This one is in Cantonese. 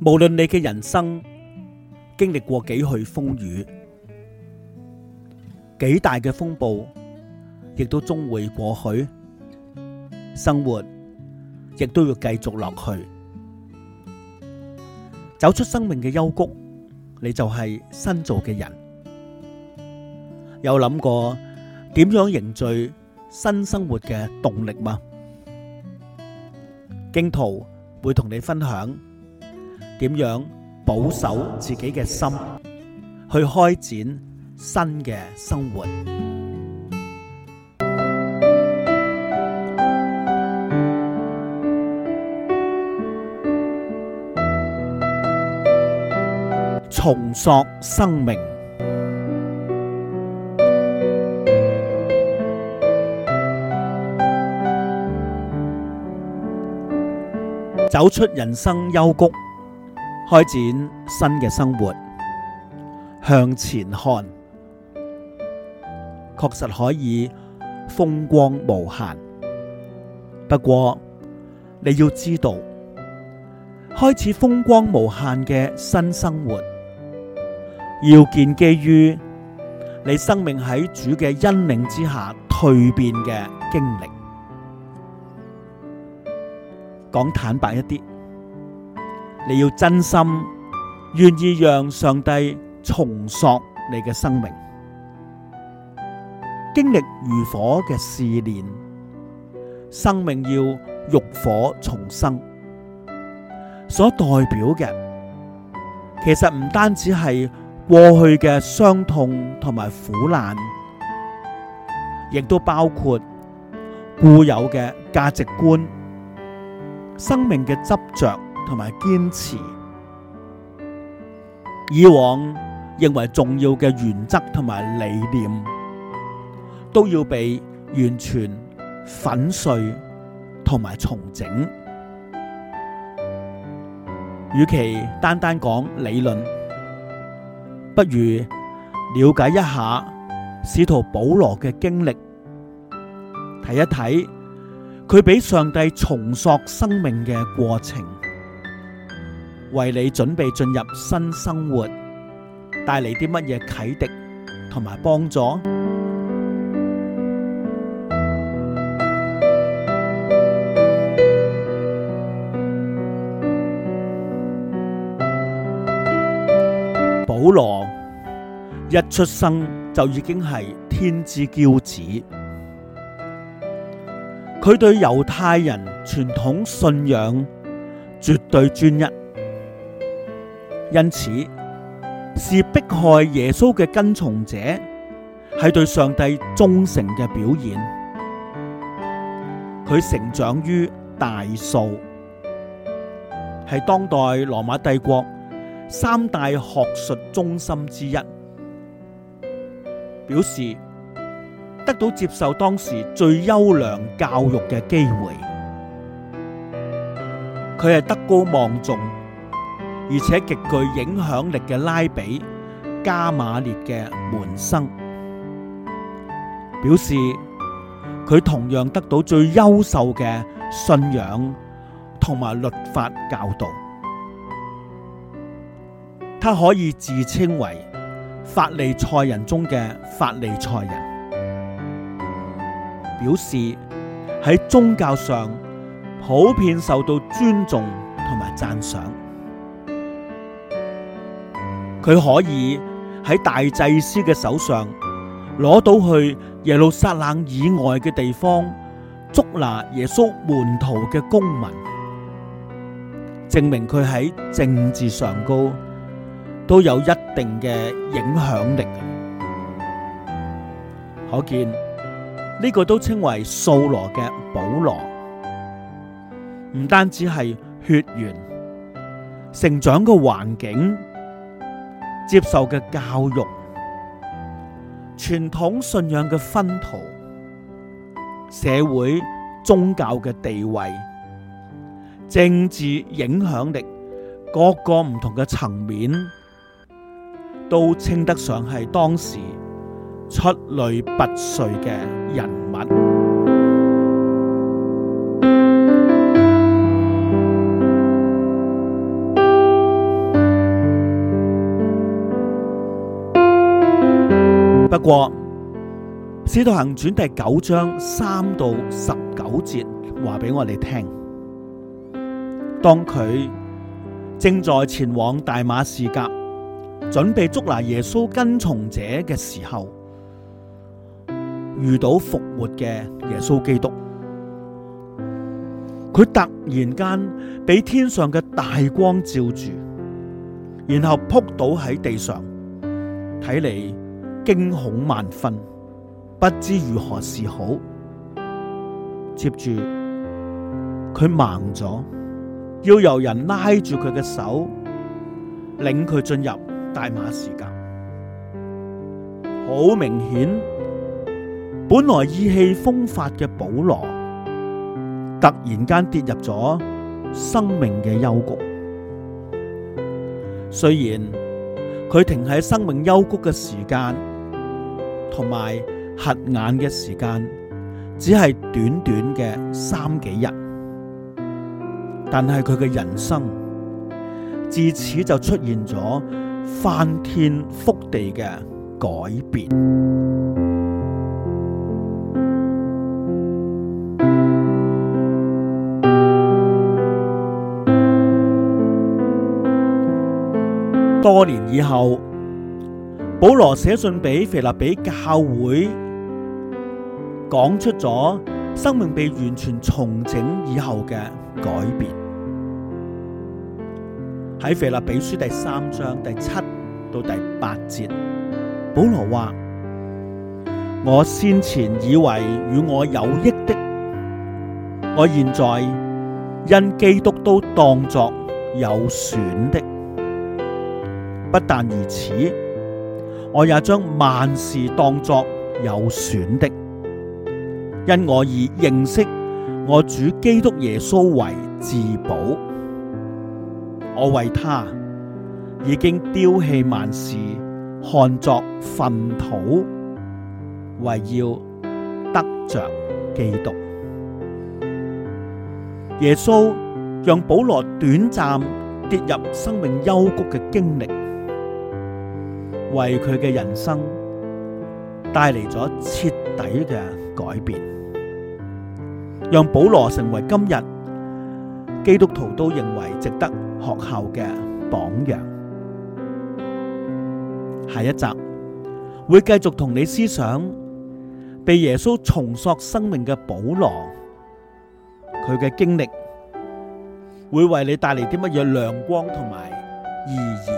無論你嘅人生經歷過幾許風雨，幾大嘅風暴，亦都終會過去。生活亦都要繼續落去，走出生命嘅幽谷，你就係新造嘅人。有諗過點樣凝聚新生活嘅動力嗎？荊徒會同你分享。點樣保守自己嘅心，去開展新嘅生活，重塑生命，走出人生幽谷。開展新嘅生活，向前看，確實可以風光無限。不過你要知道，開始風光無限嘅新生活，要建基於你生命喺主嘅恩領之下蛻變嘅經歷。講坦白一啲。你要真心願意讓上帝重塑你嘅生命，經歷如火嘅試煉，生命要浴火重生。所代表嘅其實唔單止係過去嘅傷痛同埋苦難，亦都包括固有嘅價值觀、生命嘅執着。同埋堅持，以往認為重要嘅原則同埋理念，都要被完全粉碎同埋重整。與其單單講理論，不如了解一下使徒保羅嘅經歷，睇一睇佢俾上帝重塑生命嘅過程。為你準備進入新生活帶嚟啲乜嘢啟迪同埋幫助？保羅一出生就已經係天之驕子，佢對猶太人傳統信仰絕對專一。因此，是迫害耶穌嘅跟從者，係對上帝忠誠嘅表現。佢成長於大數，係當代羅馬帝國三大學術中心之一，表示得到接受當時最優良教育嘅機會。佢係德高望重。而且極具影響力嘅拉比加馬列嘅門生，表示佢同樣得到最優秀嘅信仰同埋律法教導，他可以自稱為法利賽人中嘅法利賽人，表示喺宗教上普遍受到尊重同埋讚賞。佢可以喺大祭司嘅手上攞到去耶路撒冷以外嘅地方捉拿耶穌門徒嘅公民，證明佢喺政治上高都有一定嘅影響力。可見呢個都稱為掃羅嘅保羅，唔單止係血緣、成長嘅環境。接受嘅教育、傳統信仰嘅熏陶、社會宗教嘅地位、政治影響力，各個唔同嘅層面，都稱得上係當時出類拔萃嘅人。不過《使徒行傳》第九章三到十九節話俾我哋聽，當佢正在前往大馬士革，準備捉拿耶穌跟從者嘅時候，遇到復活嘅耶穌基督，佢突然間俾天上嘅大光照住，然後撲倒喺地上，睇嚟。驚恐萬分，不知如何是好。接住佢盲咗，要有人拉住佢嘅手，領佢進入大馬士革。好明顯，本來意氣風發嘅保羅，突然間跌入咗生命嘅幽谷。雖然佢停喺生命幽谷嘅時間。同埋合眼嘅時間只係短短嘅三幾日，但係佢嘅人生自此就出現咗翻天覆地嘅改變。多年以後。保羅寫信俾腓立比教會，講出咗生命被完全重整以後嘅改變。喺腓立比書第三章第七到第八節，保羅話：我先前以為與我有益的，我現在因基督都當作有損的。不但如此。我也將萬事當作有損的，因我已認識我主基督耶穌為至寶。我為他已經丟棄萬事，看作糞土，為要得着基督。耶穌讓保羅短暫跌入生命幽谷嘅經歷。為佢嘅人生帶嚟咗徹底嘅改變，讓保羅成為今日基督徒都認為值得學效嘅榜樣。下一集會繼續同你思想被耶穌重塑生命嘅保羅，佢嘅經歷會為你帶嚟啲乜嘢亮光同埋意義？